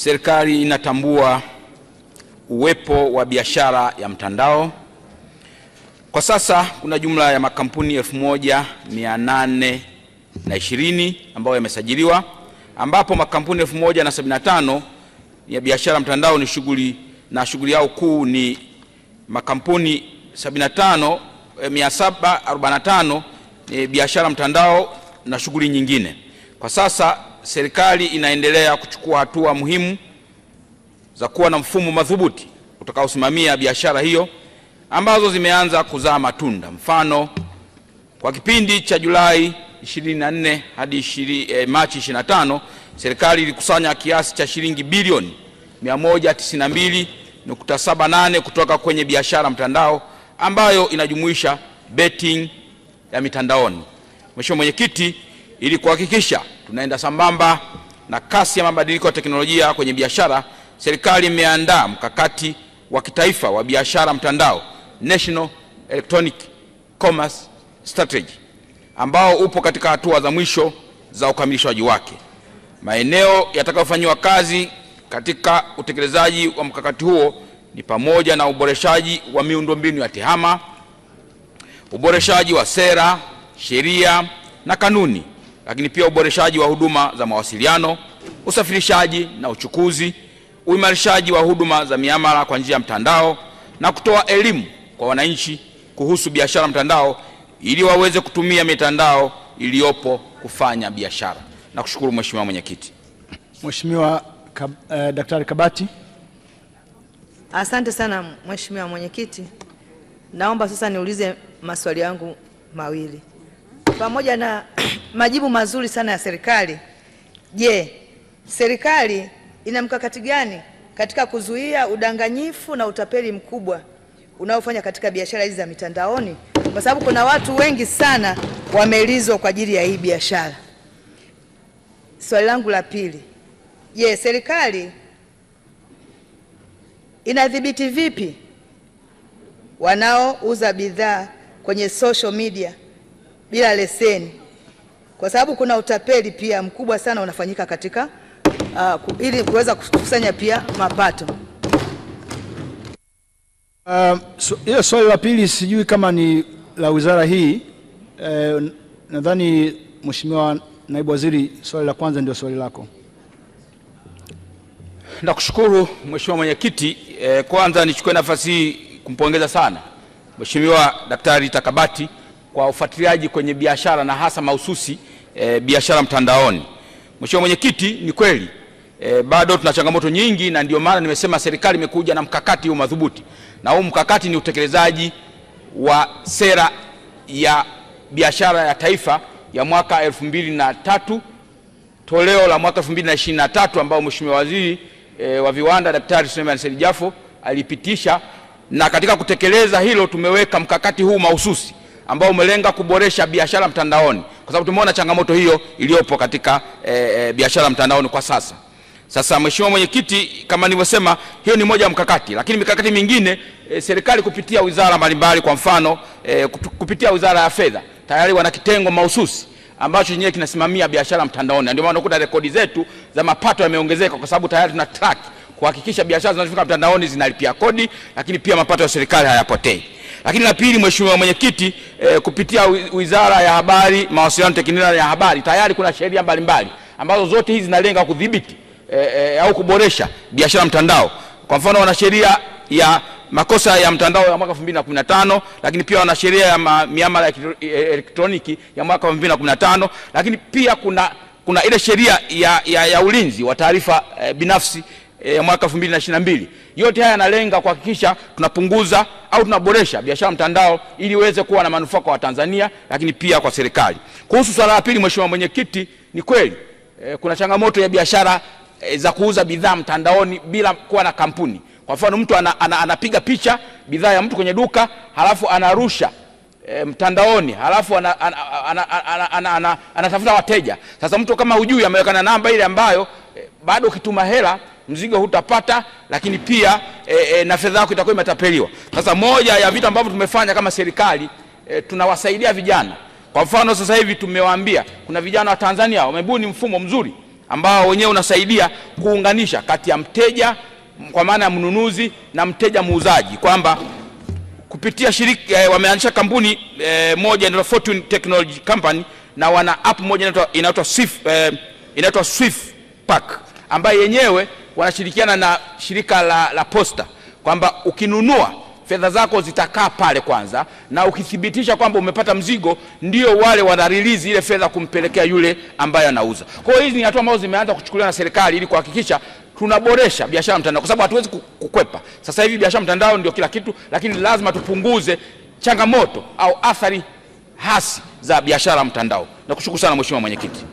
Serikali inatambua uwepo wa biashara ya mtandao. Kwa sasa kuna jumla ya makampuni 1820 ambayo yamesajiliwa, ambapo makampuni 1075 ya biashara mtandao ni shughuli na shughuli yao kuu ni makampuni 75 745 eh, eh, biashara mtandao na shughuli nyingine. Kwa sasa serikali inaendelea kuchukua hatua muhimu za kuwa na mfumo madhubuti utakaosimamia biashara hiyo ambazo zimeanza kuzaa matunda. Mfano, kwa kipindi cha Julai 24 hadi 20, eh, Machi 25 serikali ilikusanya kiasi cha shilingi bilioni 192.78 kutoka kwenye biashara mtandao ambayo inajumuisha betting ya mitandaoni. Mheshimiwa Mwenyekiti, ili kuhakikisha Tunaenda sambamba na kasi ya mabadiliko ya teknolojia kwenye biashara. Serikali imeandaa mkakati wa kitaifa wa biashara mtandao, National Electronic Commerce Strategy, ambao upo katika hatua za mwisho za ukamilishwaji wake. Maeneo yatakayofanyiwa kazi katika utekelezaji wa mkakati huo ni pamoja na uboreshaji wa miundombinu ya TEHAMA, uboreshaji wa sera, sheria na kanuni lakini pia uboreshaji wa huduma za mawasiliano, usafirishaji na uchukuzi, uimarishaji wa huduma za miamala kwa njia ya mtandao na kutoa elimu kwa wananchi kuhusu biashara mtandao ili waweze kutumia mitandao iliyopo kufanya biashara. Nakushukuru Mheshimiwa Mwenyekiti. Mheshimiwa Kab, eh, Daktari Kabati. Asante sana Mheshimiwa Mwenyekiti. Naomba sasa niulize maswali yangu mawili pamoja na majibu mazuri sana ya serikali, je, serikali ina mkakati gani katika kuzuia udanganyifu na utapeli mkubwa unaofanya katika biashara hizi za mitandaoni? Kwa sababu kuna watu wengi sana wamelizwa kwa ajili ya hii biashara. Swali langu la pili, je, serikali inadhibiti vipi wanaouza bidhaa kwenye social media bila leseni, kwa sababu kuna utapeli pia mkubwa sana unafanyika katika uh, ili kuweza kukusanya pia mapato. Uh, so, swali la pili sijui kama ni la wizara hii eh, nadhani Mheshimiwa Naibu Waziri, swali la kwanza ndio swali lako. Nakushukuru Mheshimiwa Mwenyekiti. Eh, kwanza nichukue nafasi hii kumpongeza sana Mheshimiwa Daktari Takabati kwa ufuatiliaji kwenye biashara na hasa mahususi e, biashara mtandaoni. Mheshimiwa Mwenyekiti, ni kweli e, bado tuna changamoto nyingi, na ndio maana nimesema serikali imekuja na mkakati huu madhubuti, na huu mkakati ni utekelezaji wa sera ya biashara ya taifa ya mwaka elfu mbili na tatu toleo la mwaka tatu ambao Mheshimiwa Waziri e, wa Viwanda Daktari Suleiman Said Jafo alipitisha, na katika kutekeleza hilo tumeweka mkakati huu mahususi ambao umelenga kuboresha biashara mtandaoni, kwa sababu tumeona changamoto hiyo iliyopo katika e, e, biashara mtandaoni kwa sasa. Sasa Mheshimiwa Mwenyekiti, kama nilivyosema, hiyo ni moja ya mkakati, lakini mikakati mingine e, serikali kupitia wizara mbalimbali, kwa mfano e, kupitia wizara ya fedha tayari wana kitengo mahususi ambacho chenyewe kinasimamia biashara mtandaoni. Ndio maana unakuta rekodi zetu za mapato yameongezeka kwa sababu tayari tuna track kuhakikisha biashara zinazofika mtandaoni zinalipia kodi, lakini pia mapato ya serikali hayapotei. Lakini la pili, Mheshimiwa Mwenyekiti, eh, kupitia Wizara ya Habari, Mawasiliano, Teknolojia ya Habari tayari kuna sheria mbalimbali ambazo zote hizi zinalenga kudhibiti eh, eh, au kuboresha biashara mtandao. Kwa mfano, wana sheria ya makosa ya mtandao ya mwaka 2015, lakini pia wana sheria ya miamala ya eh, elektroniki ya mwaka 2015, lakini pia kuna kuna ile sheria ya, ya, ya ulinzi wa taarifa eh, binafsi ya eh, mwaka 2022. Yote haya yanalenga kuhakikisha tunapunguza au tunaboresha biashara mtandao ili iweze kuwa na manufaa kwa Watanzania, lakini pia kwa serikali. Kuhusu swala la pili, Mheshimiwa Mwenyekiti, ni kweli e, kuna changamoto ya biashara e, za kuuza bidhaa mtandaoni bila kuwa na kampuni. Kwa mfano mtu ana, ana, anapiga picha bidhaa ya mtu kwenye duka halafu anarusha e, mtandaoni halafu anatafuta wateja. Sasa mtu kama hujui na namba ile ambayo e, bado ukituma hela mzigo hutapata, lakini pia e, e, na fedha yako itakuwa imetapeliwa. Sasa moja ya vitu ambavyo tumefanya kama serikali e, tunawasaidia vijana. Kwa mfano sasa hivi tumewaambia kuna vijana wa Tanzania wamebuni mfumo mzuri ambao wenyewe unasaidia kuunganisha kati ya mteja kwa maana ya mnunuzi na mteja muuzaji, kwamba kupitia shirika e, wameanzisha kampuni e, moja inaitwa Fortune Technology Company na wana app moja inaitwa Swift, e, inaitwa Swift Pack ambayo yenyewe wanashirikiana na shirika la, la posta kwamba ukinunua fedha zako zitakaa pale kwanza, na ukithibitisha kwamba umepata mzigo, ndio wale wanarilizi ile fedha kumpelekea yule ambaye anauza. Kwa hiyo hizi ni hatua ambazo zimeanza kuchukuliwa na serikali ili kuhakikisha tunaboresha biashara mtandao, kwa sababu hatuwezi kukwepa. Sasa hivi biashara mtandao ndio kila kitu, lakini lazima tupunguze changamoto au athari hasi za biashara mtandao. Nakushukuru sana Mheshimiwa Mwenyekiti.